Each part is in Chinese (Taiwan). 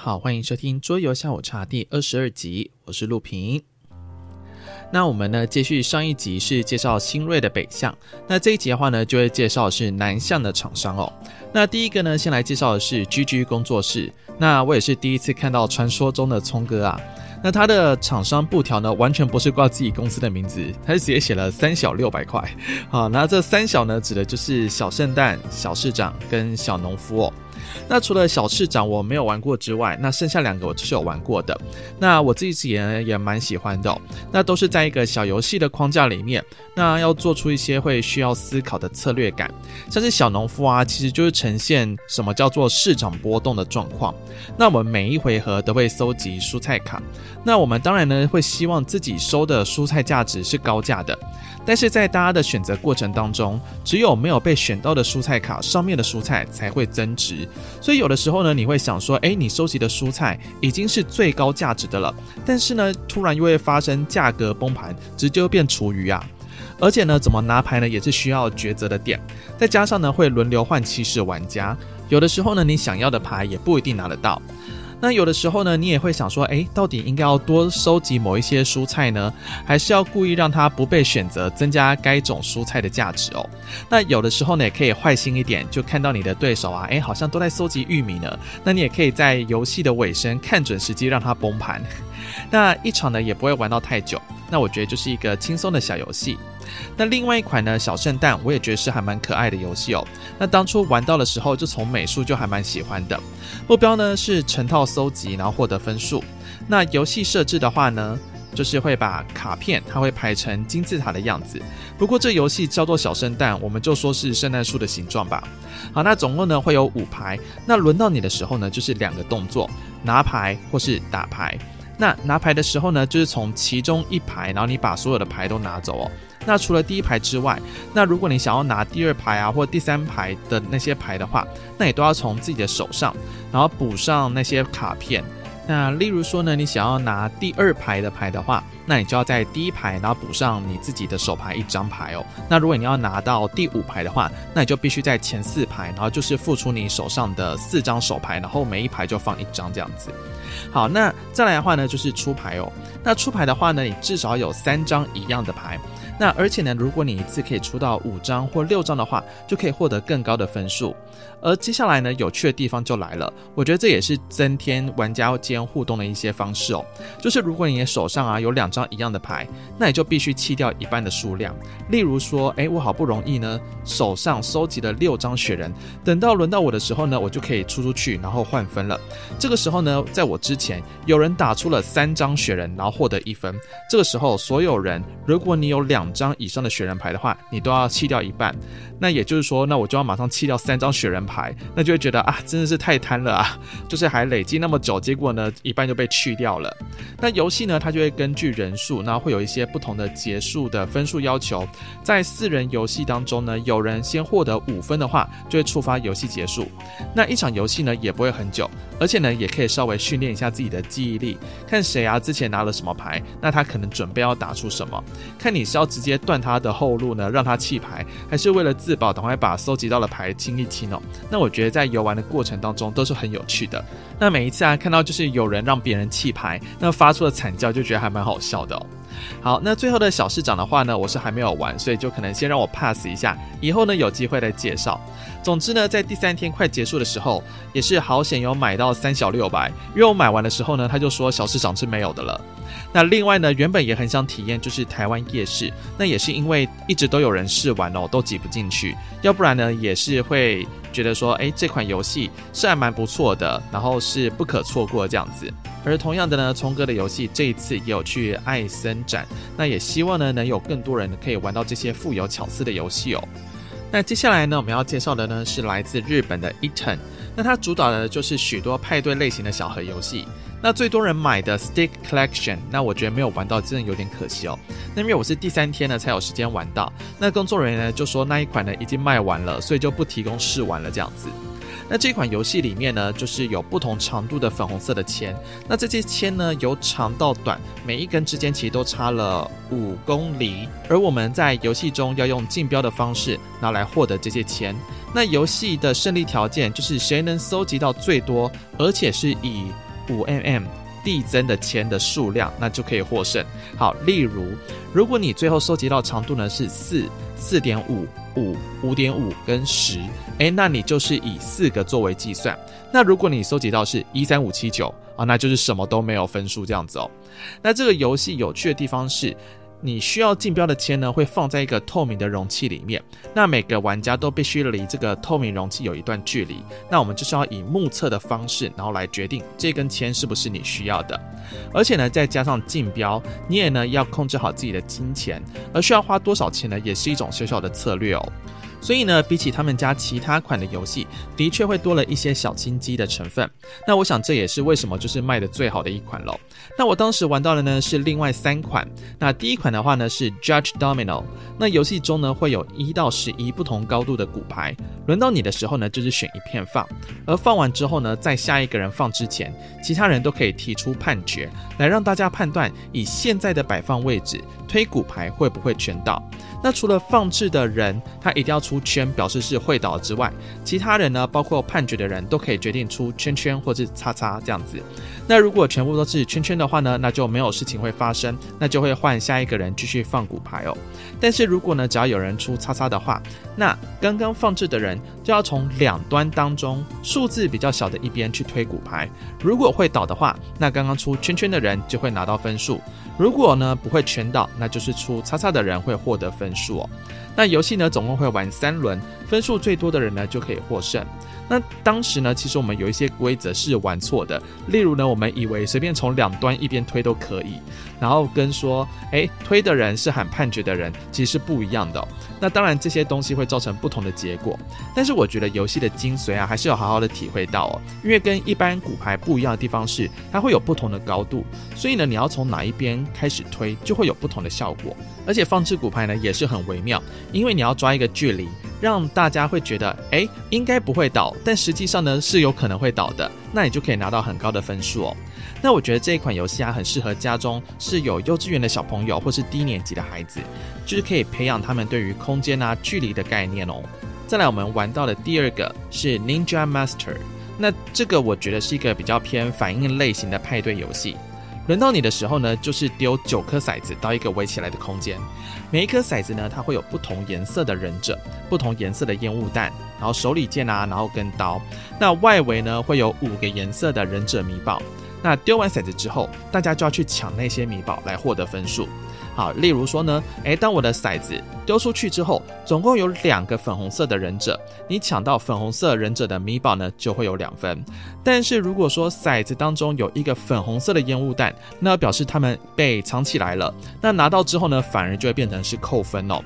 大家好，歡迎收聽《桌遊下午茶》第二十二集，我是陸平。那我們呢，繼續上一集是介紹新銳的北向，那這一集的話呢，就會介紹是南向的廠商哦。那第一個呢，先來介紹的是 GG 工作室。那我也是第一次看到傳說中的聰哥啊。那他的廠商布條呢，完全不是掛自己公司的名字，他是直接寫了“三小六百塊”。好，那這三小呢，指的就是小聖誕、小市長跟小農夫哦。那除了小市長我沒有玩過之外，那剩下兩個我就是有玩過的。那我自己也也蠻喜歡的哦。那都是在一個小遊戲的框架裡面，那要做出一些會需要思考的策略感。像是小農夫啊，其實就是呈現什麼叫做市場波動的狀況。那我們每一回合都會蒐集蔬菜卡，那我們當然呢會希望自己收的蔬菜價值是高價的。但是在大家的選擇過程當中，只有沒有被選到的蔬菜卡上面的蔬菜才會增值，所以有的時候呢，你會想說，誒、欸，你收集的蔬菜已經是最高價值的了，但是呢，突然又會發生價格崩盤，直接變廚餘啊！而且呢，怎麼拿牌呢，也是需要抉擇的點，再加上呢，會輪流換起始玩家，有的時候呢，你想要的牌也不一定拿得到。那有的時候呢，你也會想說，誒、欸，到底應該要多收集某一些蔬菜呢，還是要故意讓它不被選擇，增加該種蔬菜的價值哦？那有的時候呢，也可以壞心一點，就看到你的對手啊，誒、欸，好像都在搜集玉米呢，那你也可以在遊戲的尾聲看準時機讓它崩盤。 那一場呢，也不會玩到太久。那我覺得就是一個輕鬆的小遊戲。那另外一款呢，小聖誕，我也覺得是還蠻可愛的遊戲哦。那當初玩到的時候，就從美術就還蠻喜歡的。目標呢是成套搜集，然後獲得分數。那遊戲設置的話呢，就是會把卡片它會排成金字塔的樣子。不過這遊戲叫做小聖誕，我們就說是聖誕樹的形狀吧。好，那總共呢會有五排。那輪到你的時候呢，就是兩個動作：拿牌或是打牌。那拿牌的時候呢，就是從其中一排，然後你把所有的牌都拿走哦。那除了第一排之外，那如果你想要拿第二排啊或第三排的那些牌的話，那你都要從自己的手上，然後補上那些卡片。那例如說呢，你想要拿第二排的牌的話，那你就要在第一排，然後補上你自己的手牌一張牌哦。那如果你要拿到第五排的話，那你就必須在前四排，然後就是付出你手上的四張手牌，然後每一排就放一張這樣子。好，那再來的話呢，就是出牌哦。那出牌的話呢，你至少有三張一樣的牌。那而且呢，如果你一次可以出到五張或六張的話，就可以獲得更高的分數。而接下來呢，有趣的地方就來了。我覺得這也是增添玩家間互動的一些方式哦、喔。就是如果你的手上啊有兩張一樣的牌，那你就必須棄掉一半的數量。例如說，哎、欸，我好不容易呢手上收集了六張雪人，等到輪到我的時候呢，我就可以出出去然後換分了。這個時候呢，在我之前有人打出了三張雪人，然後獲得一分。這個時候，所有人，如果你有兩張以上的雪人牌的話，你都要棄掉一半。那也就是說，那我就要馬上棄掉三張雪人牌。牌那就會覺得啊，真的是太貪了啊！就是還累積那麼久，結果呢一半就被去掉了。那遊戲呢，它就會根據人數，然後會有一些不同的結束的分數要求。在四人遊戲當中呢，有人先獲得五分的話，就會觸發遊戲結束。那一場遊戲呢也不會很久，而且呢也可以稍微訓練一下自己的記憶力，看誰啊之前拿了什麼牌，那他可能準備要打出什麼，看你是要直接斷他的後路呢，讓他棄牌，還是為了自保，趕快把收集到的牌清一清哦、喔。那我覺得在遊玩的過程當中都是很有趣的。那每一次啊，看到就是有人讓別人棄牌，那發出的慘叫就覺得還蠻好笑的哦。好，那最後的小市長的話呢，我是還沒有玩，所以就可能先讓我 pass 一下，以後呢有機會來介紹。總之呢，在第三天快結束的時候，也是好險有買到三小六百，因為我買完的時候呢，他就說小市長是沒有的了。那另外呢，原本也很想體驗就是台灣夜市，那也是因為一直都有人試玩哦，都擠不進去，要不然呢也是會覺得說，哎、欸，這款遊戲是還蠻不錯的，然後是不可錯過這樣子。而同樣的呢，聰哥的遊戲這一次也有去艾森展，那也希望呢，能有更多人可以玩到這些富有巧思的遊戲哦。那接下來呢，我們要介紹的呢是來自日本的 itten。那他主導的就是許多派對類型的小盒遊戲。那最多人買的 Stick Collection，那我覺得沒有玩到真的有點可惜哦。那因為我是第三天呢才有時間玩到，那工作人員呢就說那一款呢已經賣完了，所以就不提供試玩了這樣子。那這款遊戲裡面呢，就是有不同長度的粉紅色的籤。那這些籤呢，由長到短，每一根之間其實都差了五公厘。而我們在遊戲中要用競標的方式拿來獲得這些籤。那遊戲的勝利條件就是誰能收集到最多，而且是以五 mm 遞增的籤的數量，那就可以獲勝。好，例如，如果你最後收集到長度呢是四、四點五、五、五點五跟十。誒，那你就是以四個作為計算。那如果你收集到是一三五七九啊，那就是什麼都沒有分數這樣子哦。那這個遊戲有趣的地方是，你需要競標的籤呢，會放在一個透明的容器裡面。那每個玩家都必須離這個透明容器有一段距離。那我們就是要以目測的方式，然後來決定這根籤是不是你需要的。而且呢，再加上競標，你也呢要控制好自己的金錢，而需要花多少錢呢，也是一種小小的策略哦。所以呢，比起他們家其他款的遊戲，的確會多了一些小心機的成分。那我想這也是為什麼就是賣得最好的一款咯。那我當時玩到的呢是另外三款。那第一款的話呢是 Judge Domino。那遊戲中呢會有一到十一不同高度的骨牌，輪到你的時候呢就是選一片放。而放完之後呢，在下一個人放之前，其他人都可以提出判決，來讓大家判斷以現在的擺放位置，推骨牌會不會全倒。那除了放置的人，他一定要出圈，表示是會倒之外，其他人呢，包括判決的人，都可以決定出圈圈或是叉叉這樣子。那如果全部都是圈圈的話呢，那就沒有事情會發生，那就會換下一個人繼續放骨牌哦。但是如果呢，只要有人出叉叉的話，那剛剛放置的人就要從兩端當中數字比較小的一邊去推骨牌。如果會倒的話，那剛剛出圈圈的人就會拿到分數。如果呢，不會全倒，那就是出叉叉的人會獲得分數。分數哦，那遊戲呢，總共會玩三輪，分數最多的人呢，就可以獲勝。那當時呢，其實我們有一些規則是玩錯的，例如呢，我們以為隨便從兩端一邊推都可以，然後跟說，誒，推的人是喊判決的人，其實是不一樣的喔。那當然這些東西會造成不同的結果，但是我覺得遊戲的精髓啊，還是有好好的體會到喔。因為跟一般骨牌不一樣的地方是，它會有不同的高度，所以呢，你要從哪一邊開始推，就會有不同的效果。而且放置骨牌呢，也是很微妙，因為你要抓一個距離，讓大家會覺得，誒，應該不會倒，但實際上呢是有可能會倒的，那你就可以拿到很高的分數哦。那我覺得這一款遊戲啊，很適合家中是有幼稚園的小朋友或是低年級的孩子，就是可以培養他們對於空間啊、距離的概念哦。再來我們玩到的第二個是 Ninja Master，那這個我覺得是一個比較偏反應類型的派對遊戲。輪到你的時候呢，就是丟九顆骰子到一個圍起來的空間，每一顆骰子呢，它會有不同顏色的忍者、不同顏色的煙霧彈，然後手裡劍啊，然後跟刀。那外圍呢會有五個顏色的忍者米寶。那丟完骰子之後，大家就要去搶那些米寶來獲得分數。好，例如說呢，哎、欸，當我的骰子丟出去之後，總共有兩個粉紅色的忍者，你搶到粉紅色忍者的米寶呢，就會有兩分。但是如果說骰子當中有一個粉紅色的煙霧彈，那表示他們被藏起來了，那拿到之後呢，反而就會變成是扣分哦。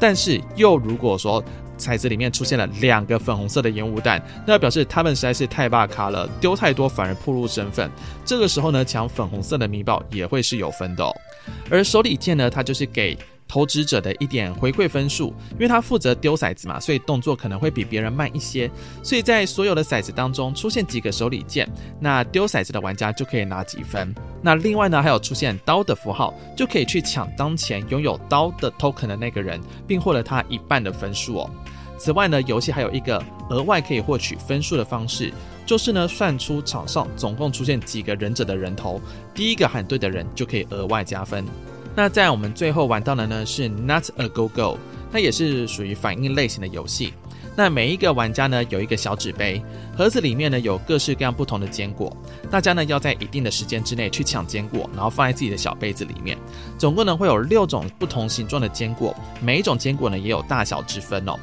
但是又如果說骰子裡面出現了兩個粉紅色的煙霧彈，那要表示他們實在是太霸卡了，丟太多反而暴露身份。這個時候呢，搶粉紅色的密報也會是有分的哦。而手裡劍呢，它就是給投擲者的一點回饋分數，因為他負責丟骰子嘛，所以動作可能會比別人慢一些。所以在所有的骰子當中出現幾個手裡劍，那丟骰子的玩家就可以拿幾分。那另外呢，還有出現刀的符號，就可以去搶當前擁有刀的 token 的那個人，並獲得他一半的分數哦。此外呢，遊戲還有一個額外可以獲取分數的方式，就是呢，算出場上總共出現幾個忍者的人頭，第一個喊對的人就可以額外加分。那在我們最後玩到的呢是 Not a Go Go，它也是屬於反應類型的遊戲。那每一個玩家呢，有一個小紙杯，盒子裡面呢有各式各樣不同的堅果，大家呢要在一定的時間之內去搶堅果，然後放在自己的小杯子裡面。總共呢會有六種不同形狀的堅果，每一種堅果呢也有大小之分哦。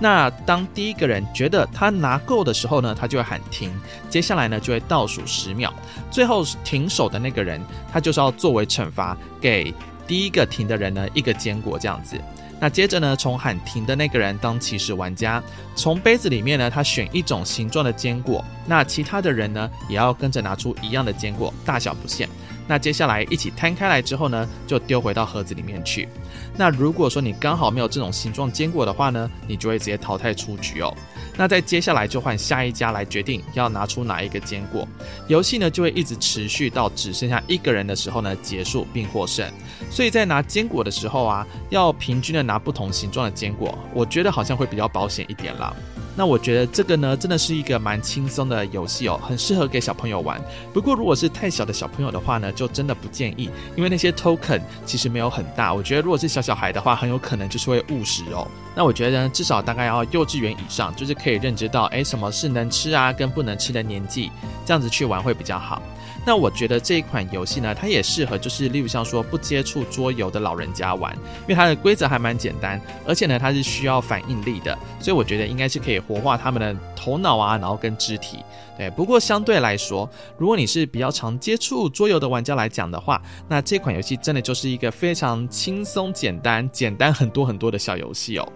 那當第一個人覺得他拿夠的時候呢，他就會喊停，接下來呢就會倒數十秒，最後停手的那個人，他就是要作為懲罰，給第一個停的人呢一個堅果這樣子。那接着呢，從喊停的那個人當起始玩家，從杯子裡面呢，他選一種形狀的堅果，那其他的人呢，也要跟着拿出一樣的堅果，大小不限。那接下來一起攤開來之後呢，就丟回到盒子裡面去。那如果說你剛好沒有這種形狀堅果的話呢，你就會直接淘汰出局哦。那在接下來就換下一家來決定要拿出哪一個堅果。遊戲呢就會一直持續到只剩下一個人的時候呢，結束並獲勝。所以在拿堅果的時候啊，要平均的拿不同形狀的堅果，我覺得好像會比較保險一點啦。那我覺得這個呢，真的是一個蠻輕鬆的遊戲哦，很適合給小朋友玩。不過如果是太小的小朋友的話呢，就真的不建議，因為那些 token 其實沒有很大。我覺得如果是小小孩的話，很有可能就是會誤食哦。那我覺得呢，至少大概要幼稚園以上，就是可以認知到，哎，什麼是能吃啊，跟不能吃的年紀，這樣子去玩會比較好。那我覺得這一款遊戲呢，它也適合，就是例如像說不接觸桌遊的老人家玩，因為它的規則還蠻簡單，而且呢，它是需要反應力的，所以我覺得應該是可以活化他們的頭腦啊，然後跟肢體。對，不過相對來說，如果你是比較常接觸桌遊的玩家來講的話，那這款遊戲真的就是一個非常輕鬆、簡單、簡單很多很多的小遊戲哦。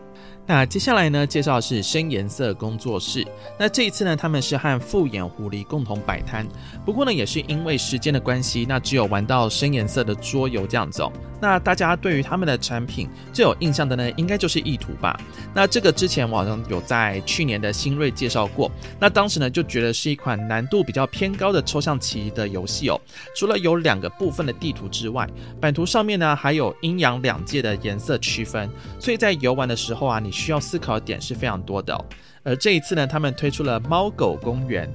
那、啊、接下來呢，介紹的是深顏色工作室。那這一次呢，他們是和複眼狐狸共同擺攤。不過呢，也是因為時間的關係，那只有玩到深顏色的桌遊這樣子哦。那大家對於他們的產品最有印象的呢，應該就是意圖吧？那這個之前我好像有在去年的新銳介紹過。那當時呢，就覺得是一款難度比較偏高的抽象棋的遊戲哦。除了有兩個部分的地圖之外，版圖上面呢還有陰陽兩界的顏色區分，所以在遊玩的時候啊，你。需要思考的點是非常多的，而這一次呢，他們推出了貓狗公園。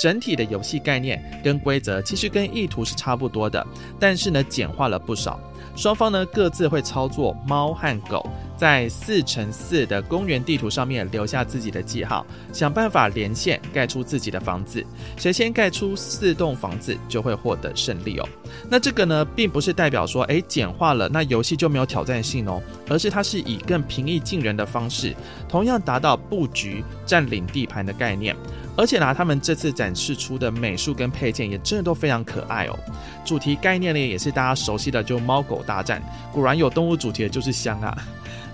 整體的遊戲概念跟規則其實跟意圖是差不多的，但是呢，簡化了不少。雙方呢各自會操作貓和狗，在四乘四的公園地圖上面留下自己的記號，想辦法連線蓋出自己的房子，誰先蓋出四棟房子就會獲得勝利哦。那這個呢並不是代表說誒簡化了那遊戲就沒有挑戰性哦，而是它是以更平易近人的方式，同樣達到布局占領地盤的概念。而且呢、啊，他們這次展示出的美術跟配件也真的都非常可愛哦。主題概念呢，也是大家熟悉的，就是、貓狗大戰。果然有動物主題的就是香啊。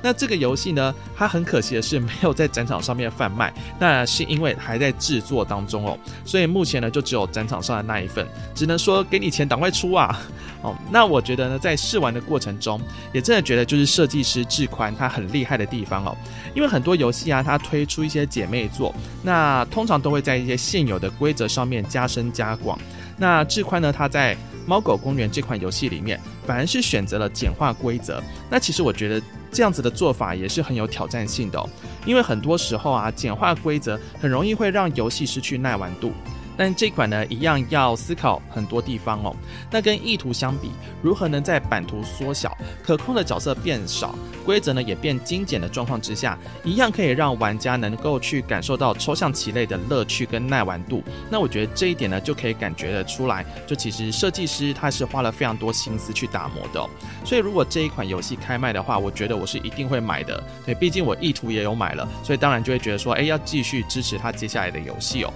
那這個遊戲呢，它很可惜的是沒有在展場上面販賣，那是因為還在製作當中哦，所以目前呢就只有展場上的那一份，只能說給你錢趕快出啊，哦，那我覺得呢，在試玩的過程中，也真的覺得就是設計師志寬他很厲害的地方哦，因為很多遊戲啊，它推出一些姐妹作，那通常都會在一些現有的規則上面加深加廣。那志寬呢，他在《貓狗公園》這款遊戲裡面，反而是選擇了簡化規則。那其實我覺得這樣子的做法也是很有挑戰性的哦，因為很多時候啊，簡化規則很容易會讓遊戲失去耐玩度。但這款呢，一樣要思考很多地方哦。那跟意圖相比，如何能在版圖縮小、可控的角色變少、規則呢也變精簡的狀況之下，一樣可以讓玩家能夠去感受到抽象棋類的樂趣跟耐玩度？那我覺得這一點呢，就可以感覺得出來。就其實設計師他是花了非常多心思去打磨的哦。所以如果這一款遊戲開賣的話，我覺得我是一定會買的。對，畢竟我意圖也有買了，所以當然就會覺得說，誒，要繼續支持他接下來的遊戲哦。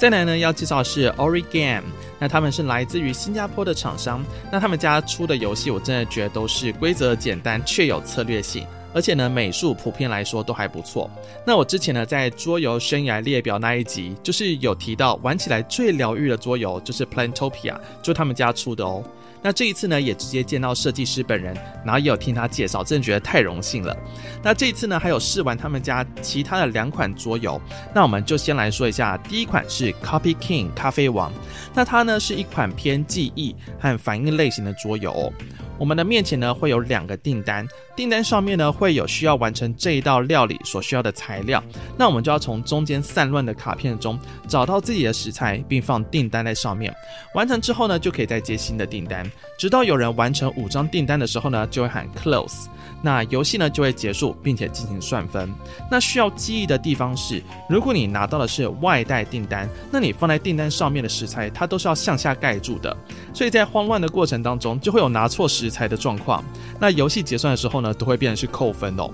再來呢，要介紹的是 Origame，那他們是來自於新加坡的廠商，那他們家出的遊戲，我真的覺得都是規則簡單卻有策略性。而且呢，美術普遍來說都還不錯。那我之前呢，在桌遊生涯列表那一集，就是有提到玩起來最療癒的桌遊，就是 Planetopia，就他們家出的哦。那這一次呢，也直接見到設計師本人，然後也有聽他介紹，真的覺得太榮幸了。那這一次呢，還有試玩他們家其他的兩款桌遊。那我們就先來說一下，第一款是 Copy King 咖啡王，那它呢是一款偏記憶和反應類型的桌遊哦。我們的面前呢會有兩個訂單，訂單上面呢會有需要完成這一道料理所需要的材料，那我們就要從中間散亂的卡片中找到自己的食材，並放訂單在上面。完成之後呢，就可以再接新的訂單，直到有人完成五張訂單的時候呢，就會喊 close。那遊戲呢就會結束，並且進行算分。那需要記憶的地方是，如果你拿到的是外帶訂單，那你放在訂單上面的食材，它都是要向下蓋住的。所以在慌亂的過程當中，就會有拿錯食材的狀況。那遊戲結算的時候呢，都會變成是扣分哦。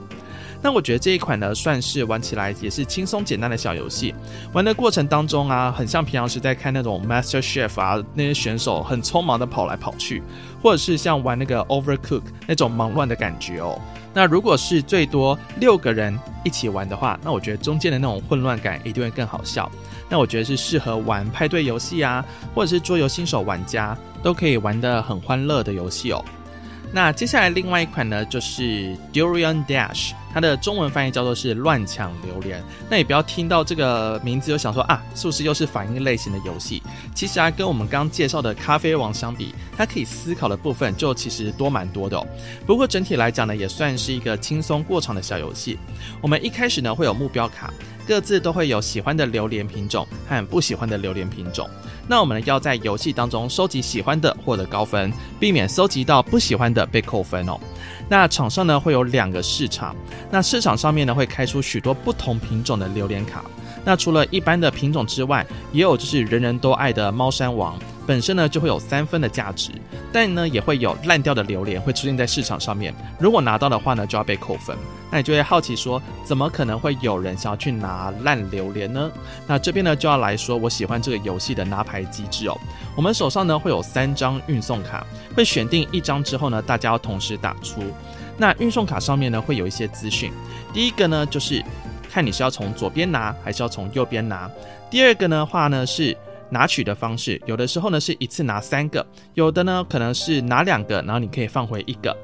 那我覺得這一款呢，算是玩起來也是輕鬆簡單的小遊戲。玩的過程當中啊，很像平常時在看那種 Master Chef 啊,那些選手很匆忙的跑來跑去,或者是像玩那個 Overcook 那種忙亂的感覺哦。那如果是最多六個人一起玩的話,那我覺得中間的那種混亂感一定會更好笑。那我覺得是適合玩派對遊戲啊,或者是桌遊新手玩家都可以玩得很歡樂的遊戲哦。那接下來另外一款呢，就是 Durian Dash，它的中文翻譯叫做是亂搶榴蓮。那也不要聽到這個名字就想說啊，是不是又是反應類型的遊戲？其實啊，跟我們剛介紹的咖啡王相比，它可以思考的部分就其實多蠻多的哦。不過整體來講呢，也算是一個輕鬆過場的小遊戲。我們一開始呢會有目標卡。各自都會有喜歡的榴蓮品種和不喜歡的榴蓮品種，那我們要在遊戲當中收集喜歡的獲得高分，避免收集到不喜歡的被扣分哦。那場上呢會有兩個市場，那市場上面呢會開出許多不同品種的榴蓮卡，那除了一般的品種之外，也有就是人人都愛的貓山王。本身呢就會有三分的價值，但呢也會有爛掉的榴蓮會出現在市場上面。如果拿到的話呢，就要被扣分。那你就會好奇說，怎麼可能會有人想要去拿爛榴蓮呢？那這邊呢就要來說，我喜歡這個遊戲的拿牌機制哦。我們手上呢會有三張運送卡，會選定一張之後呢，大家要同時打出。那運送卡上面呢會有一些資訊。第一個呢就是看你是要從左邊拿還是要從右邊拿。第二個的話呢是。拿取的方式，有的時候呢是一次拿三個，有的呢可能是拿兩個，然後你可以放回一個。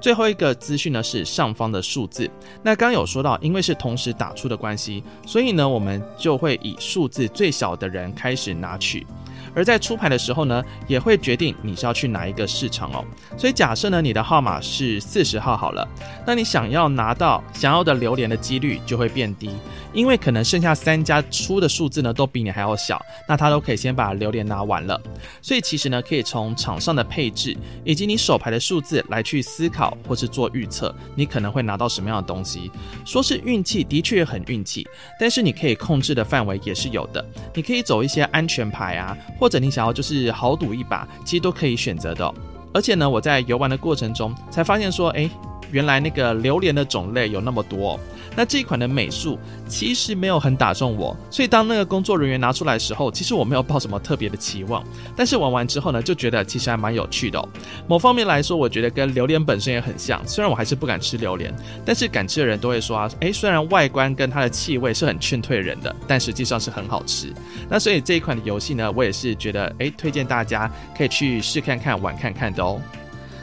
最後一個資訊呢是上方的數字，那剛剛有說到，因為是同時打出的關係，所以呢我們就會以數字最小的人開始拿取。而在出牌的時候呢，也會決定你是要去哪一個市場哦。所以假設呢，你的號碼是四十號好了，那你想要拿到想要的榴蓮的幾率就會變低，因為可能剩下三家出的數字呢，都比你還要小，那他都可以先把榴蓮拿完了。所以其實呢，可以從場上的配置以及你手牌的數字來去思考或是做預測，你可能會拿到什麼樣的東西。說是運氣，的確很運氣，但是你可以控制的範圍也是有的，你可以走一些安全牌啊。或者你想要就是豪賭一把，其實都可以選擇的哦。而且呢，我在遊玩的過程中才發現說，哎、欸。原來那個榴蓮的種類有那麼多哦，那這一款的美術其實沒有很打中我，所以當那個工作人員拿出來的時候，其實我沒有抱什麼特別的期望。但是玩完之後呢，就覺得其實還蠻有趣的哦。某方面來說，我覺得跟榴蓮本身也很像。雖然我還是不敢吃榴蓮，但是敢吃的人都會說啊，誒，雖然外觀跟它的氣味是很勸退人的，但實際上是很好吃。那所以這一款的遊戲呢，我也是覺得誒，推薦大家可以去試看看、玩看看的哦。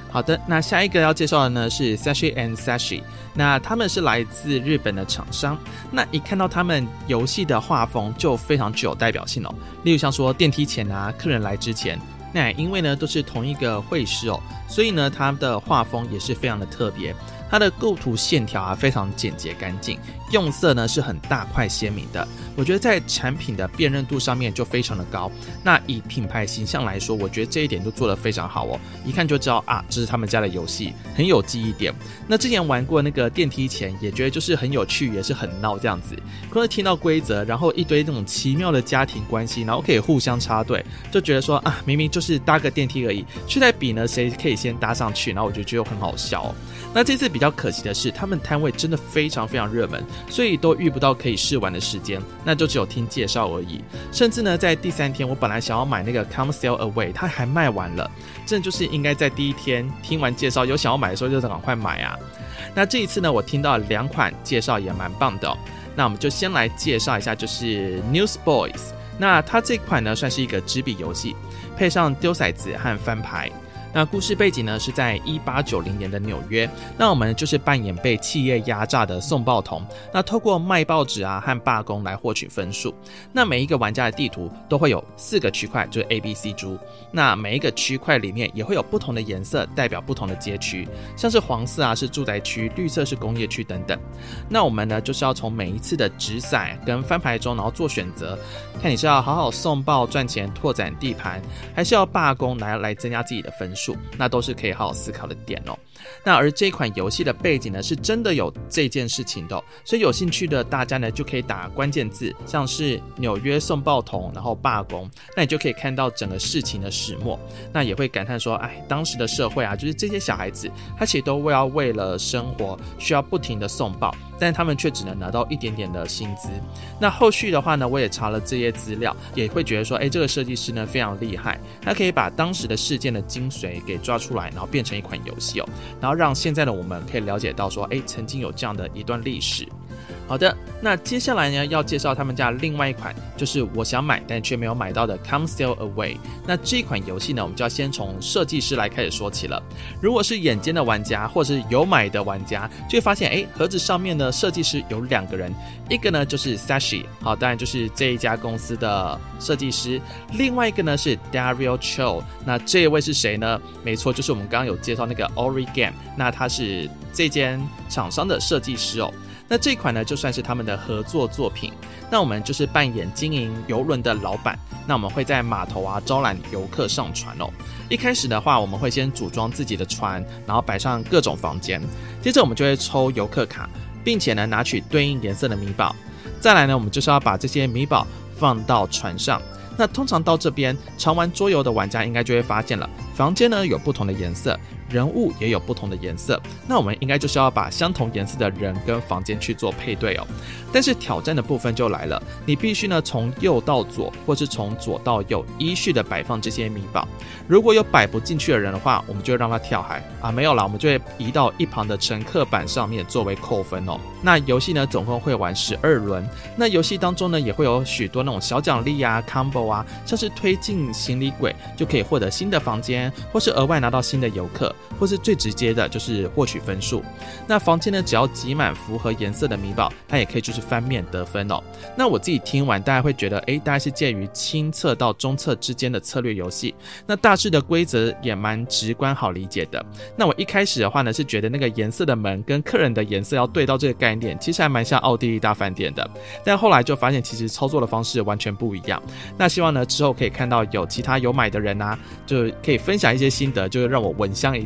好的，那下一個要介紹的呢是 Saashi and Saashi，那他們是來自日本的廠商，那一看到他們遊戲的畫風就非常具有代表性哦。例如像說電梯前啊，客人來之前，那因為呢都是同一個繪師哦，所以呢他的畫風也是非常的特別。它的構圖線條啊非常簡潔乾淨，用色呢是很大塊鮮明的。我覺得在產品的辨認度上面就非常的高。那以品牌形象來說，我覺得這一點就做得非常好哦，一看就知道啊，這是他們家的遊戲，很有記憶點。那之前玩過那個電梯前，也覺得就是很有趣，也是很鬧這樣子。可能聽到規則，然後一堆這種奇妙的家庭關係，然後可以互相插隊，就覺得說啊，明明就是搭個電梯而已，卻在比呢誰可以先搭上去，然後我就覺得就很好笑哦。那這次比較可惜的是，他們攤位真的非常非常熱門，所以都遇不到可以試玩的時間，那就只有聽介紹而已。甚至呢，在第三天，我本來想要買那個 Come Sail Away，它還賣完了，這就是應該在第一天聽完介紹有想要買的時候就趕快買啊。那這一次呢，我聽到兩款介紹也蠻棒的，哦，那我們就先來介紹一下，就是 Newsboys。那它這款呢，算是一個紙筆遊戲，配上丟骰子和翻牌。那故事背景呢，是在一八九零年的紐約。那我們就是扮演被企業壓榨的送報童。那透過賣報紙啊和罷工來獲取分數。那每一個玩家的地圖都會有四個區塊，就是 A、B、C、D。那每一個區塊裡面也會有不同的顏色代表不同的街區，像是黃色啊是住宅區，綠色是工業區等等。那我們呢就是要從每一次的擲骰跟翻牌中，然後做選擇，看你是要好好送報賺錢拓展地盤，還是要罷工來來增加自己的分數。那都是可以好好思考的點哦。那而這款遊戲的背景呢，是真的有這件事情的哦。所以有興趣的大家呢，就可以打關鍵字，像是紐約送報童，然後罷工，那你就可以看到整個事情的始末。那也會感嘆說，哎，當時的社會啊，就是這些小孩子，他其實都要為，為了生活，需要不停的送報，但他們卻只能拿到一點點的薪資。那後續的話呢，我也查了這些資料，也會覺得說，哎，這個設計師呢，非常厲害，他可以把當時的事件的精髓給抓出來，然後變成一款遊戲哦，然後讓現在的我們可以了解到說，哎，曾經有這樣的一段歷史。好的，那接下來呢要介紹他們家另外一款，就是我想買但卻沒有買到的《Come Sail Away》。那這款遊戲呢，我們就要先從設計師來開始說起了。如果是眼尖的玩家，或者是有買的玩家，就會發現，誒，盒子上面的設計師有兩個人，一個呢就是 Sashi，好，當然就是這一家公司的設計師；另外一個呢是 Dario Cho，那這一位是誰呢？沒錯，就是我們剛剛有介紹那個 Origame。那他是這間廠商的設計師哦。那這款呢，就算是他們的合作作品。那我們就是扮演經營郵輪的老闆，那我們會在碼頭啊招攬遊客上船哦、喔，一開始的話，我們會先組裝自己的船，然後擺上各種房間。接着我們就會抽遊客卡，並且呢拿取對應顏色的米寶。再來呢，我們就是要把這些米寶放到船上。那通常到這邊，常玩桌遊的玩家應該就會發現了，房間呢有不同的顏色。人物也有不同的顏色，那我們應該就是要把相同顏色的人跟房間去做配對哦。但是挑戰的部分就來了，你必須呢從右到左，或是從左到右，依序的擺放這些米寶。如果有擺不進去的人的話，我們就會讓他跳海啊，沒有啦，我們就會移到一旁的乘客板上面作為扣分哦。那遊戲呢總共會玩十二輪，那遊戲當中呢也會有許多那種小獎勵啊，combo 啊，像是推進行李軌，就可以獲得新的房間，或是額外拿到新的遊客。或是最直接的就是獲取分數。那房間呢，只要集滿符合顏色的米寶，它也可以就是翻面得分哦。那我自己聽完，大家會覺得，誒、欸，大概是介於輕策到中策之間的策略遊戲。那大致的規則也蠻直觀，好理解的。那我一開始的話呢，是覺得那個顏色的門跟客人的顏色要對到這個概念，其實還蠻像奧地利大飯店的。但後來就發現，其實操作的方式完全不一樣。那希望呢，之後可以看到有其他有買的人啊，就可以分享一些心得，就是讓我聞香一。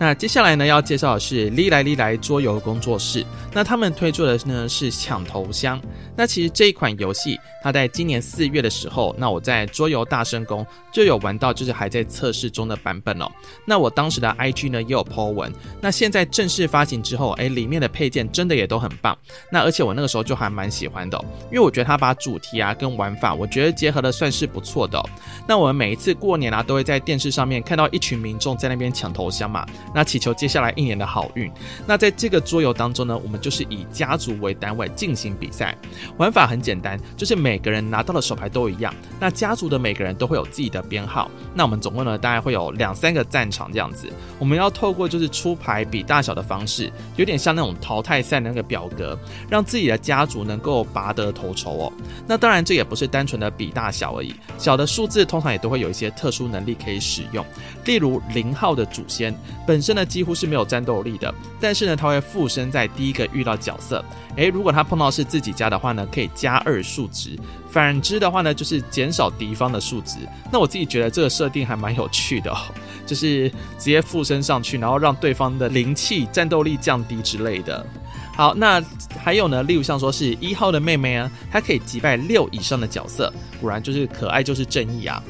那接下來呢，要介紹的是哩來哩來桌遊工作室。那他們推出的是呢，是搶頭香。那其實這一款遊戲，它在今年四月的時候，那我在桌遊大聖宮就有玩到，就是還在測試中的版本哦。那我當時的 IG 呢也有 po 文。那現在正式發行之後，誒、欸，裡面的配件真的也都很棒。那而且我那個時候就還蠻喜歡的、哦，因為我覺得它把主題啊跟玩法，我覺得結合的算是不錯的、哦。那我們每一次過年啊，都會在電視上面看到一群民眾在那邊搶頭香嘛。那祈求接下來一年的好運。那在這個桌遊當中呢，我們就是以家族為單位進行比賽。玩法很簡單，就是每個人拿到的手牌都一樣。那家族的每個人都會有自己的編號。那我們總共呢，大概會有兩三個戰場這樣子。我們要透過就是出牌比大小的方式，有點像那種淘汰賽的那個表格，讓自己的家族能夠拔得頭籌哦。那當然，這也不是單純的比大小而已。小的數字通常也都會有一些特殊能力可以使用，例如零號的祖先本身呢幾乎是沒有戰鬥力的，但是呢他會附身在第一個遇到角色，哎、欸，如果他碰到是自己家的話呢，可以加二數值；反之的話呢，就是減少敵方的數值。那我自己覺得這個設定還蠻有趣的哦，就是直接附身上去，然後讓對方的靈氣戰鬥力降低之類的。好，那還有呢，例如像說是一號的妹妹啊，她可以擊敗六以上的角色。果然就是可愛就是正義啊！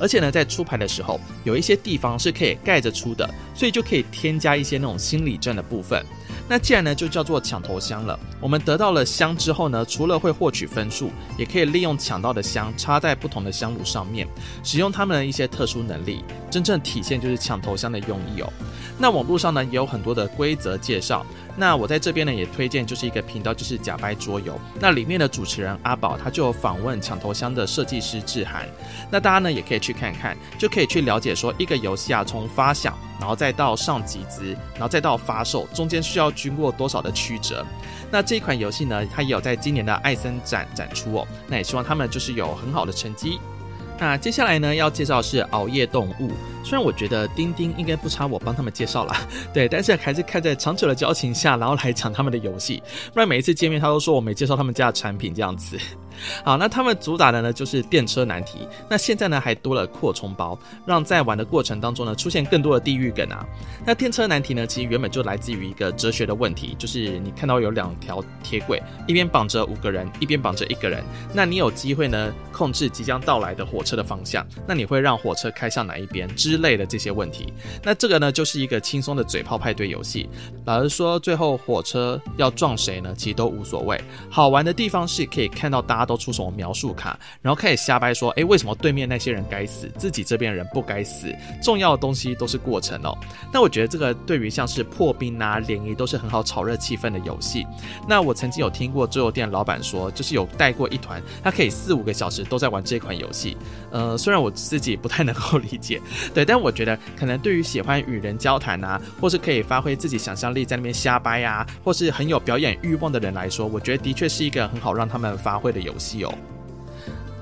而且呢，在出牌的時候，有一些地方是可以蓋着出的，所以就可以添加一些那種心理戰的部分。那既然呢，就叫做搶頭香了。我們得到了香之後呢，除了會獲取分數，也可以利用搶到的香插在不同的香爐上面，使用它們的一些特殊能力，真正體現就是搶頭香的用意哦。那網絡上呢，也有很多的規則介紹。那我在這邊呢也推薦就是一個頻道，就是假掰桌遊。那裡面的主持人阿寶，他就訪問搶頭香的設計師志涵。那大家呢也可以去看看，就可以去了解說一個遊戲啊，從發想，然後再到上集資，然後再到發售，中間需要經過多少的曲折。那這款遊戲呢，它也有在今年的艾森展展出哦。那也希望他們就是有很好的成績。那接下來呢，要介紹的是熬夜動物。雖然我覺得丁丁應該不差我幫他們介紹啦，對，但是還是看在長久的交情下，然後來講他們的遊戲。不然每一次見面，他都說我沒介紹他們家的產品這樣子。好，那他們主打的呢就是電車難題。那現在呢還多了擴充包，讓在玩的過程當中呢出現更多的地獄梗啊。那電車難題呢其實原本就來自於一個哲學的問題，就是你看到有兩條鐵軌，一邊綁着五個人，一邊綁着一個人，那你有機會呢控制即將到來的火車的方向，那你會讓火車開向哪一邊之類的這些問題。那這個呢就是一個輕鬆的嘴炮派對遊戲。老實說，最後火車要撞誰呢，其實都無所謂。好玩的地方是可以看到大家。都出什麼描述卡，然後開始瞎掰說，哎，為什麼對面那些人該死，自己這邊人不該死？重要的東西都是過程哦。那我覺得這個對於像是破冰啊、聯誼都是很好炒熱氣氛的遊戲。那我曾經有聽過桌遊店老板說，就是有帶過一團，他可以四五個小時都在玩這款遊戲。呃，雖然我自己不太能夠理解，對，但我覺得可能對於喜歡與人交談啊，或是可以發揮自己想象力在那邊瞎掰啊，或是很有表演欲望的人來說，我覺得的確是一個很好讓他們發揮的遊戲。西遊。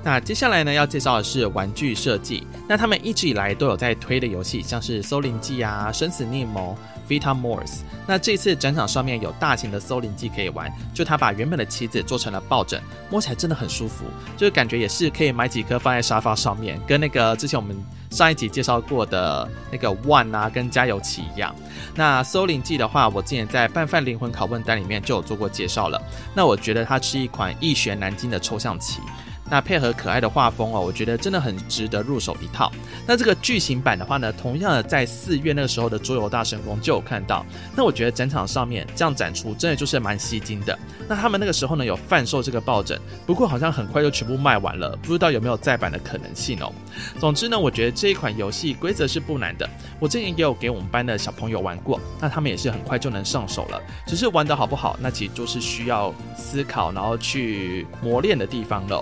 那接下來呢，要介紹的是玩聚設計。那他們一直以來都有在推的遊戲，像是《搜靈記》啊，《生死逆謀》、《Vita Morse》。那這次展場上面有大型的《搜靈記》可以玩，就他把原本的棋子做成了抱枕，摸起來真的很舒服，就是感覺也是可以買幾顆放在沙發上面，跟那個之前我們。上一集介紹過的那個 one 啊，跟加油棋一樣。那 Soling 棋的話，我之前在拌飯靈魂拷問單裡面就有做過介紹了。那我覺得它是一款易學難精的抽象棋。那配合可愛的畫風啊、哦，我覺得真的很值得入手一套。那這個劇情版的話呢，同樣的在四月那個時候的桌遊大神宮就有看到。那我覺得展場上面這樣展出，真的就是蠻吸睛的。那他們那個時候呢有販售這個抱枕，不過好像很快就全部賣完了，不知道有沒有再版的可能性哦。總之呢，我覺得這一款遊戲規則是不難的，我之前也有給我們班的小朋友玩過，那他們也是很快就能上手了。只是玩得好不好，那其實就是需要思考然後去磨練的地方嘍。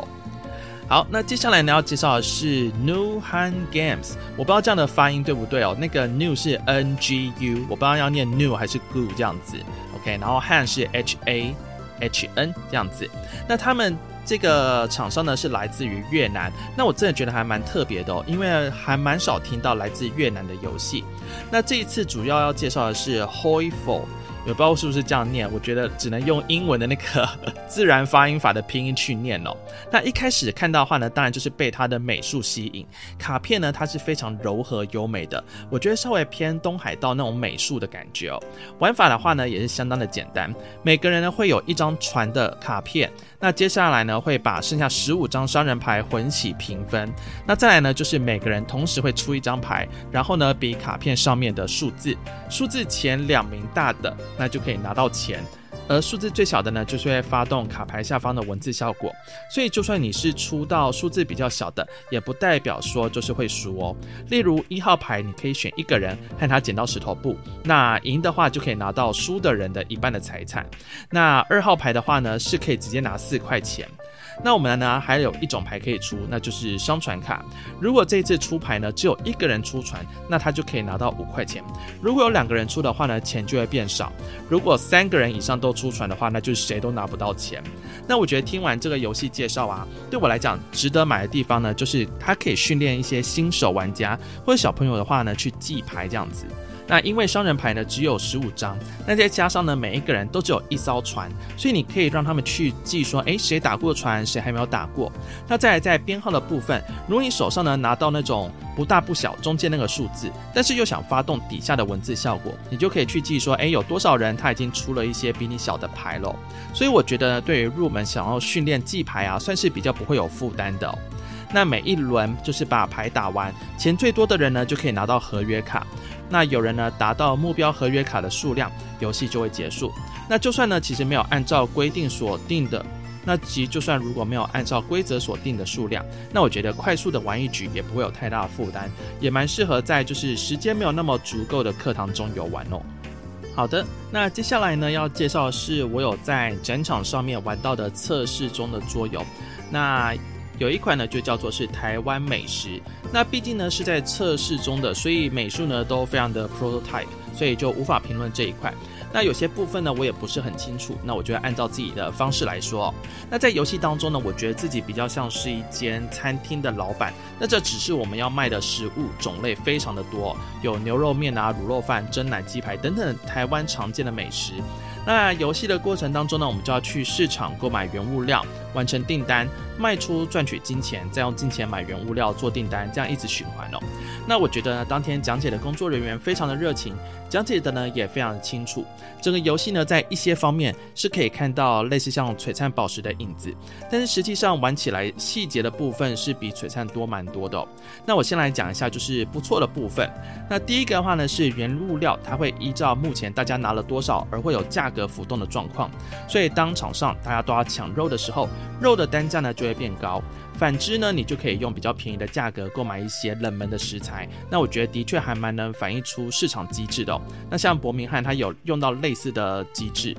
好，那接下來呢要介紹的是 Ngu Hahn Games，我不知道這樣的發音對不對哦。那個 New 是 N G U，我不知道要念 New 還是 Goo 這樣子。OK，然後 Han 是 H A H N 這樣子。那他們這個廠商呢是來自於越南，那我真的覺得還蠻特別的哦，因為還蠻少聽到來自越南的遊戲。那這一次主要要介紹的是 Hoi Fo 也不知道是不是這樣念，我覺得只能用英文的那個自然發音法的拼音去念哦。那一開始看到的話呢，當然就是被它的美術吸引，卡片呢它是非常柔和優美的，我覺得稍微偏東海道那種美術的感覺哦。玩法的話呢也是相當的簡單，每個人呢會有一張船的卡片。那接下來呢，會把剩下十五張商人牌混洗平分。那再來呢，就是每個人同時會出一張牌，然後呢比卡片上面的數字，數字前兩名大的，那就可以拿到錢。而數字最小的呢，就是會發動卡牌下方的文字效果。所以，就算你是出到數字比較小的，也不代表說就是會輸哦。例如一號牌，你可以選一個人和他剪刀石頭布，那贏的話就可以拿到輸的人的一半的財產。那二號牌的話呢，是可以直接拿四塊錢。那我們呢，還有一種牌可以出，那就是商船卡。如果這一次出牌呢，只有一個人出船，那他就可以拿到五塊錢。如果有兩個人出的話呢，錢就會變少。如果三個人以上都出船的話，那就是誰都拿不到錢。那我覺得聽完這個遊戲介紹啊，對我來講值得買的地方呢，就是它可以訓練一些新手玩家或者小朋友的話呢，去記牌這樣子。那因為商人牌呢只有十五張，那再加上呢每一個人都只有一艘船，所以你可以讓他們去記說：誒，誰打過船，誰還沒有打過。那再來在編號的部分，如果你手上呢拿到那種不大不小中間那個數字，但是又想發動底下的文字效果，你就可以去記說：誒，有多少人他已經出了一些比你小的牌嘍。所以我覺得對於入門想要訓練記牌啊，算是比較不會有負擔的哦。那每一輪就是把牌打完，錢最多的人呢就可以拿到合約卡。那有人呢達到目標合約卡的數量，遊戲就會結束。那就算呢，其實沒有按照規定鎖定的，那其實就算如果沒有按照規則鎖定的數量，那我覺得快速的玩一局也不會有太大的負擔，也蠻適合在就是時間沒有那麼足夠的課堂中遊玩哦。好的，那接下來呢要介紹的是我有在展場上面玩到的測試中的桌遊，那。有一款呢，就叫做是台灣美食。那畢竟呢是在測試中的，所以美術呢都非常的 prototype，所以就無法評論這一塊。那有些部分呢，我也不是很清楚。那我就按照自己的方式來說。那在遊戲當中呢，我覺得自己比較像是一間餐廳的老闆。那這只是我們要賣的食物種類非常的多，有牛肉麵啊、滷肉飯、珍奶、雞排等等台灣常見的美食。那遊戲的過程當中呢，我們就要去市場購買原物料。完成訂單，賣出賺取金錢，再用金錢買原物料做訂單，這樣一直循環喔。那我覺得呢，當天講解的工作人員非常的熱情，講解的呢也非常的清楚。整個遊戲呢在一些方面是可以看到類似像《璀璨寶石》的影子，但是實際上玩起來細節的部分是比《璀璨》多蠻多的喔。那我先來講一下就是不錯的部分。那第一個的話呢是原物料，它會依照目前大家拿了多少而會有價格浮動的狀況，所以當場上大家都要搶肉的時候，肉的單價呢就會變高，反之呢，你就可以用比較便宜的價格購買一些冷門的食材。那我覺得的確還蠻能反映出市場機制的哦。那像伯明翰它有用到類似的機制。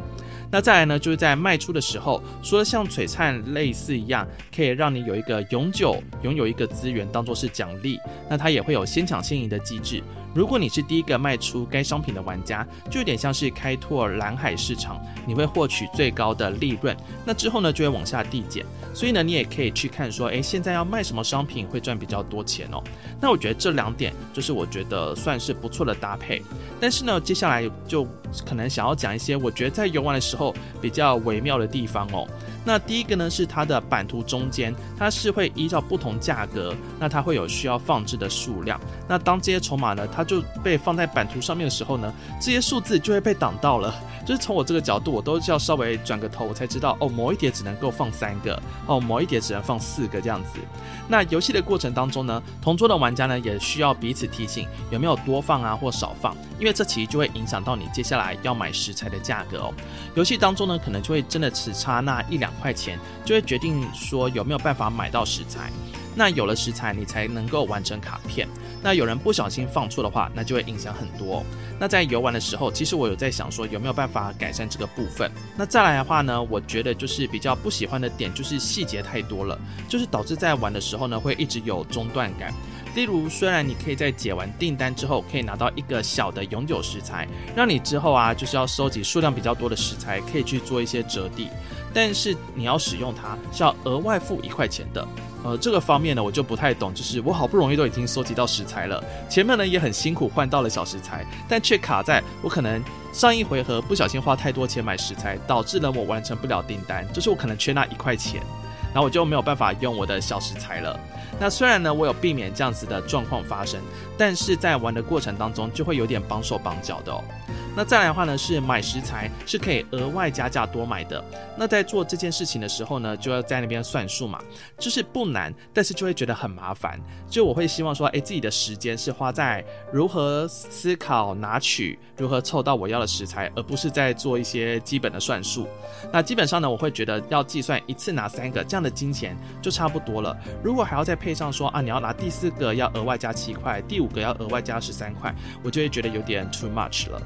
那再來呢，就是在賣出的時候，除了像璀璨類似一樣，可以讓你有一個永久擁有一個資源當做是獎勵，那它也會有先搶先贏的機制。如果你是第一個賣出該商品的玩家，就有點像是開拓藍海市場，你會獲取最高的利潤。那之後呢，就會往下遞減。所以呢，你也可以去看說，誒，現在要賣什麼商品會賺比較多錢哦。那我覺得這兩點就是我覺得算是不錯的搭配。但是呢，接下來就。可能想要講一些我覺得在遊玩的時候比較微妙的地方哦。那第一個呢，是它的版圖中間，它是會依照不同價格，那它會有需要放置的數量。那當這些籌碼呢，它就被放在版圖上面的時候呢，這些數字就會被擋到了。就是從我這個角度，我都是要稍微轉個頭，我才知道哦，某一疊只能夠放三個哦，某一疊只能放四個這樣子。那遊戲的過程當中呢，同桌的玩家呢也需要彼此提醒有沒有多放啊或少放，因為這其實就會影響到你接下來。來要買食材的價格哦，遊戲當中呢，可能就會真的只差那一兩塊錢，就會決定說有沒有辦法買到食材。那有了食材，你才能夠完成卡片。那有人不小心放錯的話，那就會影響很多哦。那在遊玩的時候，其實我有在想說有沒有辦法改善這個部分。那再來的話呢，我覺得就是比較不喜歡的點，就是細節太多了，就是導致在玩的時候呢會一直有中斷感。例如，雖然你可以在解完訂單之後，可以拿到一個小的永久食材，讓你之後啊，就是要收集數量比較多的食材，可以去做一些折抵。但是你要使用它，是要額外付一塊錢的。呃，這個方面呢，我就不太懂。就是我好不容易都已經收集到食材了，前面呢也很辛苦換到了小食材，但卻卡在我可能上一回合不小心花太多錢買食材，導致了我完成不了訂單。就是我可能缺那一塊錢。然後我就沒有辦法用我的小食材了。那雖然呢，我有避免這樣子的狀況發生，但是在玩的過程當中，就會有點綁手綁腳的哦。那再來的話呢，是買食材是可以額外加價多買的。那在做這件事情的時候呢，就要在那邊算數嘛，就是不難，但是就會覺得很麻煩。就我會希望說，誒、欸，自己的時間是花在如何思考拿取，如何湊到我要的食材，而不是在做一些基本的算數。那基本上呢，我會覺得要計算一次拿三個這樣的金錢就差不多了。如果還要再配上說啊，你要拿第四個要額外加七塊，第五個要額外加十三塊，我就會覺得有點 too much 了。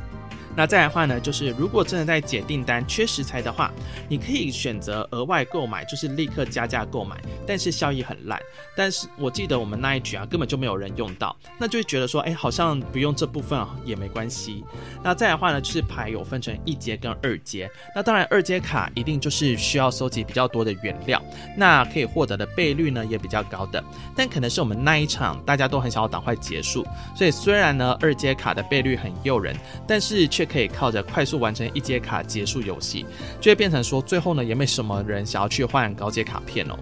那再來的話呢，就是如果真的在解訂單缺食材的話，你可以選擇額外購買，就是立刻加價購買，但是效益很爛。但是我記得我們那一局啊，根本就沒有人用到，那就會覺得說，哎、欸，好像不用這部分啊，也沒關係。那再來的話呢，就是牌有分成一階跟二階，那當然二階卡一定就是需要收集比較多的原料，那可以獲得的倍率呢也比較高的。但可能是我們那一場大家都很想要趕快結束，所以雖然呢二階卡的倍率很誘人，但是卻，可以靠着快速完成一階卡結束遊戲，就會變成說最後呢也沒什麼人想要去換高階卡片哦。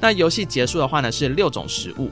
那遊戲結束的話呢是六種食物，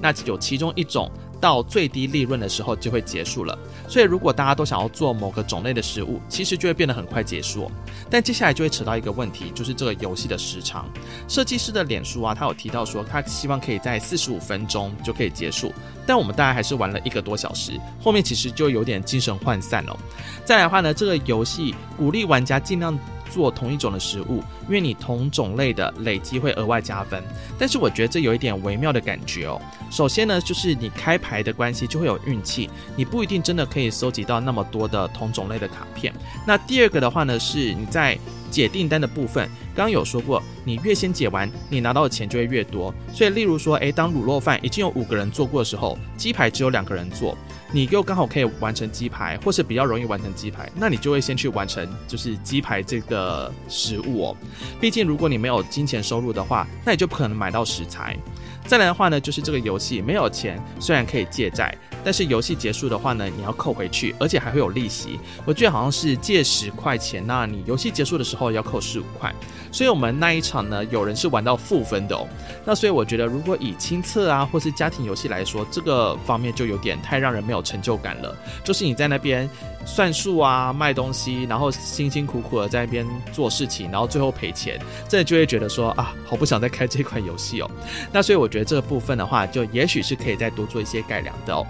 那有其中一種。到最低利潤的時候就會結束了，所以如果大家都想要做某個種類的食物，其實就會變得很快結束哦。但接下來就會扯到一個問題，就是這個遊戲的時長。設計師的臉書啊，他有提到說，他希望可以在四十五分鐘就可以結束，但我們大概還是玩了一個多小時，後面其實就有點精神渙散了哦。再來的話呢，這個遊戲鼓勵玩家儘量。做同一種的食物，因為你同種類的累積會額外加分，但是我覺得這有一點微妙的感覺哦。首先呢，就是你開牌的關係就會有運氣，你不一定真的可以收集到那麼多的同種類的卡片。那第二個的話呢，是你在解訂單的部分，剛剛有說過，你越先解完，你拿到的錢就會越多。所以例如說，誒、欸，當滷肉飯已經有五個人做過的時候，雞排只有兩個人做。你又剛好可以完成雞排，或是比較容易完成雞排，那你就會先去完成就是雞排這個食物哦。畢竟如果你沒有金錢收入的話，那你就不可能買到食材。再來的話呢，就是這個遊戲沒有錢，雖然可以借債，但是遊戲結束的話呢，你要扣回去，而且還會有利息。我記得好像是借十塊錢，那你遊戲結束的時候要扣十五塊。所以我們那一場呢，有人是玩到負分的哦。那所以我覺得，如果以輕策啊或是家庭遊戲來說，這個方面就有點太讓人沒有成就感了。就是你在那邊算數啊、賣東西，然後辛辛苦苦的在那邊做事情，然後最後賠錢，這就會覺得說啊，好不想再開這款遊戲哦。那所以我。覺得這個部分的話，就也許是可以再多做一些改良的哦。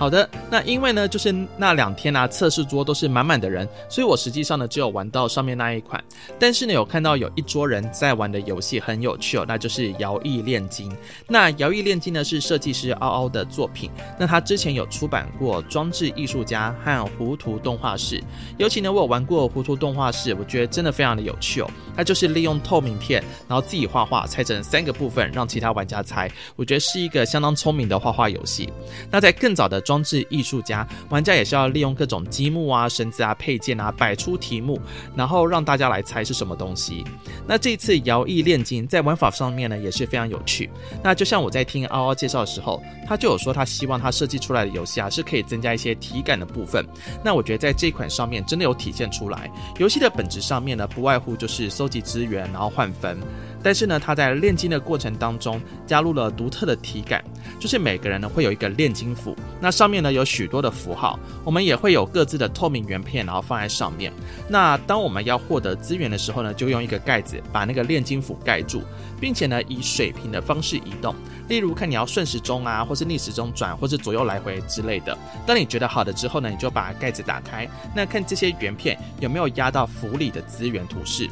好的，那因為呢，就是那兩天啊，測試桌都是滿滿的人，所以我實際上呢，只有玩到上面那一款。但是呢，有看到有一桌人在玩的遊戲很有趣哦，那就是搖翼煉金。那搖翼煉金呢，是設計師嗷嗷的作品。那他之前有出版過裝置藝術家和糊塗動畫室。尤其呢，我有玩過糊塗動畫室，我覺得真的非常的有趣哦。他就是利用透明片，然後自己畫畫，拆成三個部分，讓其他玩家猜。我覺得是一個相當聰明的畫畫遊戲。那在更早的。裝置藝術家，玩家也是要利用各種積木啊、繩子啊、配件啊擺出題目，然後讓大家來猜是什麼東西。那這次搖曳煉金在玩法上面呢，也是非常有趣。那就像我在聽嗷嗷介紹的時候，他就有說他希望他設計出來的遊戲啊，是可以增加一些體感的部分。那我覺得在這款上面真的有體現出來。遊戲的本質上面呢，不外乎就是收集資源，然後換分。但是呢，它在煉金的過程當中加入了獨特的體感，就是每個人呢會有一個煉金釜，那上面呢，有許多的符號，我們也會有各自的透明圓片，然後放在上面。那當我們要獲得資源的時候呢，就用一個蓋子把那個煉金釜蓋住，並且呢以水平的方式移動，例如看你要順時鐘啊，或是逆時鐘轉，或是左右來回之類的。當你覺得好的之後呢，你就把蓋子打開，那看這些圓片有沒有壓到釜裡的資源圖示。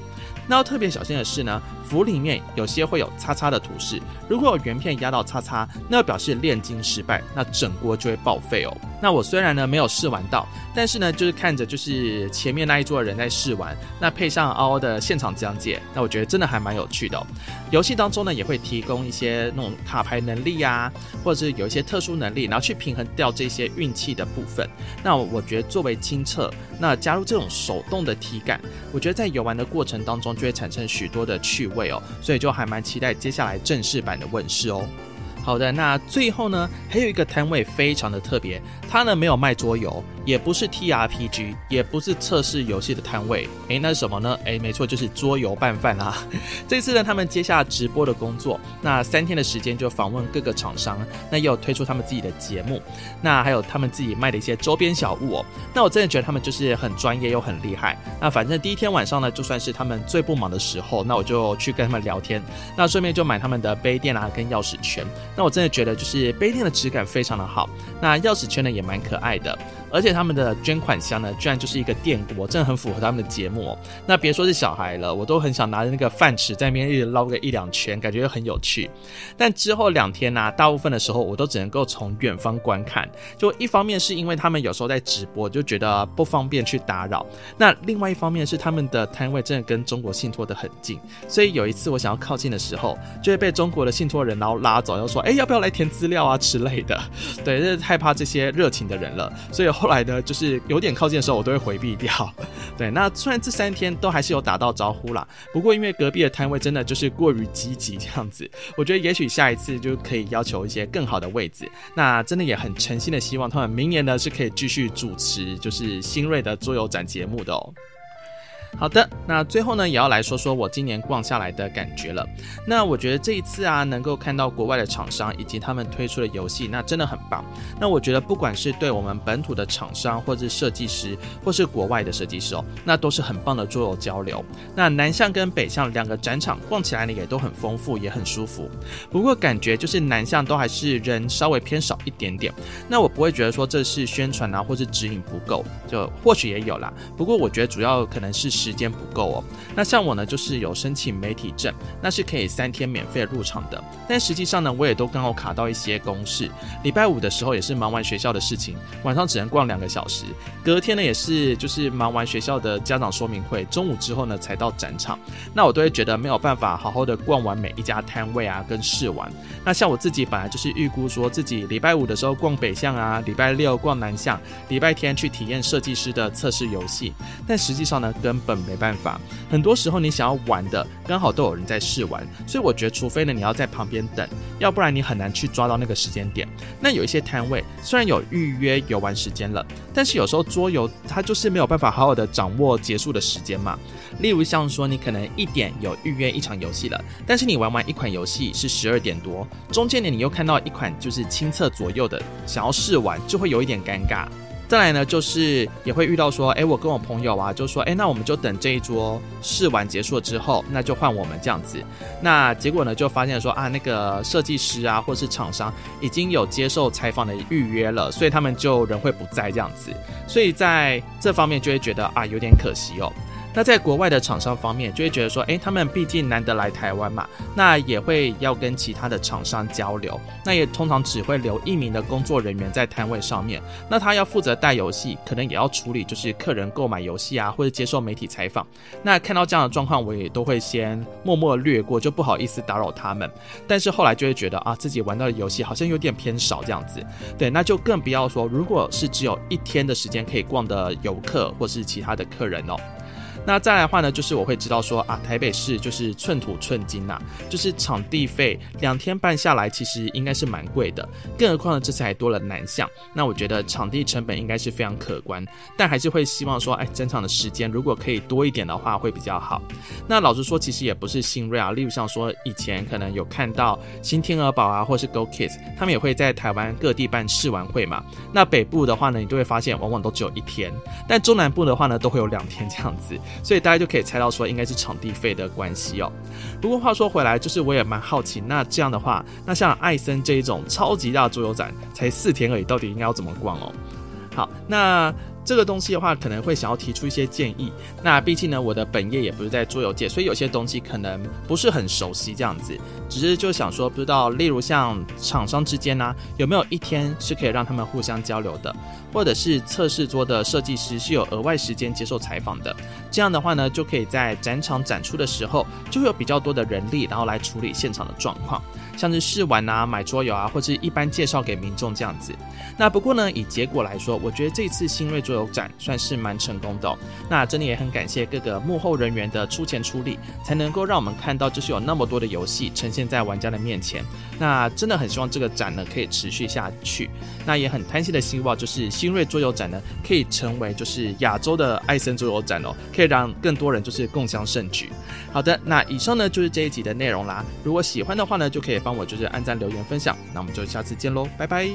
那要特別小心的是呢，符裡面有些會有叉叉的圖示，如果有圓片壓到叉叉，那表示煉金失敗，那整鍋就會報廢哦。那我雖然呢沒有試玩到，但是呢就是看着就是前面那一桌的人在試玩，那配上嗷嗷的現場講解，那我覺得真的還蠻有趣的、哦。遊戲當中呢也會提供一些那種卡牌能力呀、啊，或者是有一些特殊能力，然後去平衡掉這些運氣的部分。那我覺得作為輕策，那加入這種手動的體感，我覺得在遊玩的過程當中。就會產生許多的趣味哦，所以就還蠻期待接下來正式版的問世哦。好的，那最後呢，還有一個攤位非常的特別，它呢沒有賣桌遊。也不是 TRPG，也不是測試遊戲的攤位，誒、欸，那是什麼呢？誒、欸，沒錯，就是桌遊拌飯啦。 這次呢，他們接下直播的工作，那三天的時間就訪問各個廠商，那也有推出他們自己的節目，那還有他們自己賣的一些週邊小物哦。那我真的覺得他們就是很專業又很厲害。那反正第一天晚上呢，就算是他們最不忙的時候，那我就去跟他們聊天，那順便就買他們的杯墊啊跟鑰匙圈。那我真的覺得就是杯墊的質感非常的好，那鑰匙圈呢也蠻可愛的。而且他們的捐款箱呢，居然就是一個電鍋，真的很符合他們的節目。那別說是小孩了，我都很想拿着那個飯匙在那邊一直撈個一兩圈，感覺很有趣。但之後兩天呢、啊，大部分的時候我都只能夠從遠方觀看。就一方面是因為他們有時候在直播，就覺得不方便去打擾；那另外一方面是他們的攤位真的跟中國信託得很近，所以有一次我想要靠近的時候，就會被中國的信託人然後拉走，然後說：“哎、欸，要不要來填資料啊之類的？”對，就是害怕這些熱情的人了。所以。後來呢，就是有點靠近的時候，我都會回避掉。對，那雖然這三天都還是有打到招呼啦，不過因為隔壁的攤位真的就是過於積極這樣子，我覺得也許下一次就可以要求一些更好的位置。那真的也很誠心的希望他們明年呢是可以繼續主持就是新銳的桌遊展節目的哦、喔。好的，那最後呢，也要來說說我今年逛下來的感覺了。那我覺得這一次啊，能夠看到國外的廠商以及他們推出的遊戲，那真的很棒。那我覺得不管是對我們本土的廠商，或是設計師，或是國外的設計師哦，那都是很棒的作用交流。那南向跟北向兩個展場逛起來呢，也都很豐富，也很舒服。不過感覺就是南向都還是人稍微偏少一點點。那我不會覺得說這是宣傳啊，或是指引不夠，就或許也有啦。不過我覺得主要可能是。時間不夠哦。那像我呢，就是有申請媒體證，那是可以三天免費入場的。但實際上呢，我也都剛好卡到一些公事。禮拜五的時候也是忙完學校的事情，晚上只能逛兩個小時。隔天呢，也是就是忙完學校的家長說明會，中午之後呢才到展場。那我都會覺得沒有辦法好好的逛完每一家攤位啊，跟試玩。那像我自己本來就是預估說自己禮拜五的時候逛北向啊，禮拜六逛南向，禮拜天去體驗設計師的測試遊戲。但實際上呢，跟根本沒辦法，很多時候你想要玩的剛好都有人在試玩，所以我覺得除非呢，你要在旁邊等，要不然你很難去抓到那個時間點。那有一些攤位雖然有預約遊玩時間了，但是有時候桌遊它就是沒有辦法好好的掌握結束的時間嘛。例如像說你可能一點有預約一場遊戲了，但是你玩完一款遊戲是十二點多，中間呢，你又看到一款就是清測左右的想要試玩，就會有一點尷尬。再來呢，就是也會遇到說，哎、欸，我跟我朋友啊，就說，哎、欸，那我們就等這一桌試完結束之後，那就換我們這樣子。那結果呢，就發現說啊，那個設計師啊，或是廠商已經有接受採訪的預約了，所以他們就人會不在這樣子，所以在這方面就會覺得啊，有點可惜哦。那在國外的廠商方面，就會覺得說，哎，他們畢竟難得來台灣嘛，那也會要跟其他的廠商交流，那也通常只會留一名的工作人員在攤位上面，那他要負責帶遊戲，可能也要處理就是客人購買遊戲啊，或者接受媒體採訪。那看到這樣的狀況，我也都會先默默略過，就不好意思打擾他們。但是後來就會覺得啊，自己玩到的遊戲好像有點偏少這樣子，對，那就更不要說，如果是只有一天的時間可以逛的遊客或是其他的客人哦。那再來的話呢，就是我會知道說啊，台北市就是寸土寸金吶，啊，就是場地費兩天辦下來，其實應該是蠻貴的。更何況呢，這次還多了南向，那我覺得場地成本應該是非常可觀。但還是會希望說，哎，整場的時間如果可以多一點的話，會比較好。那老實說，其實也不是新銳啊，例如像說以前可能有看到新天鵝堡啊，或是 GoKids，他們也會在台灣各地辦試玩會嘛。那北部的話呢，你都會發現往往都只有一天，但中南部的話呢，都會有兩天這樣子。所以大家就可以猜到說，應該是場地費的關係哦。不過話說回來，就是我也蠻好奇，那這樣的話，那像艾森這一種超級大桌遊展，才四天而已，到底應該要怎麼逛哦、喔？好，那。這個東西的話，可能會想要提出一些建議。那畢竟呢，我的本業也不是在桌遊界，所以有些東西可能不是很熟悉。這樣子，只是就想說，不知道，例如像廠商之間呢、啊，有沒有一天是可以讓他們互相交流的，或者是測試桌的設計師是有額外時間接受採訪的？這樣的話呢，就可以在展場展出的時候，就會有比較多的人力，然後來處理現場的狀況。像是試玩啊、買桌遊啊，或是一般介紹給民眾這樣子。那不過呢，以結果來說，我覺得這次新銳桌遊展算是蠻成功的哦。那真的也很感謝各個幕後人員的出錢出力，才能夠讓我們看到就是有那麼多的遊戲呈現在玩家的面前。那真的很希望這個展呢可以持續下去，那也很貪心的希望就是新銳桌遊展呢可以成為就是亞洲的艾森桌遊展哦，可以讓更多人就是共襄盛舉。好的，那以上呢就是這一集的內容啦。如果喜歡的話呢，就可以幫我就是按讚、留言、分享。那我們就下次見嘍，拜拜。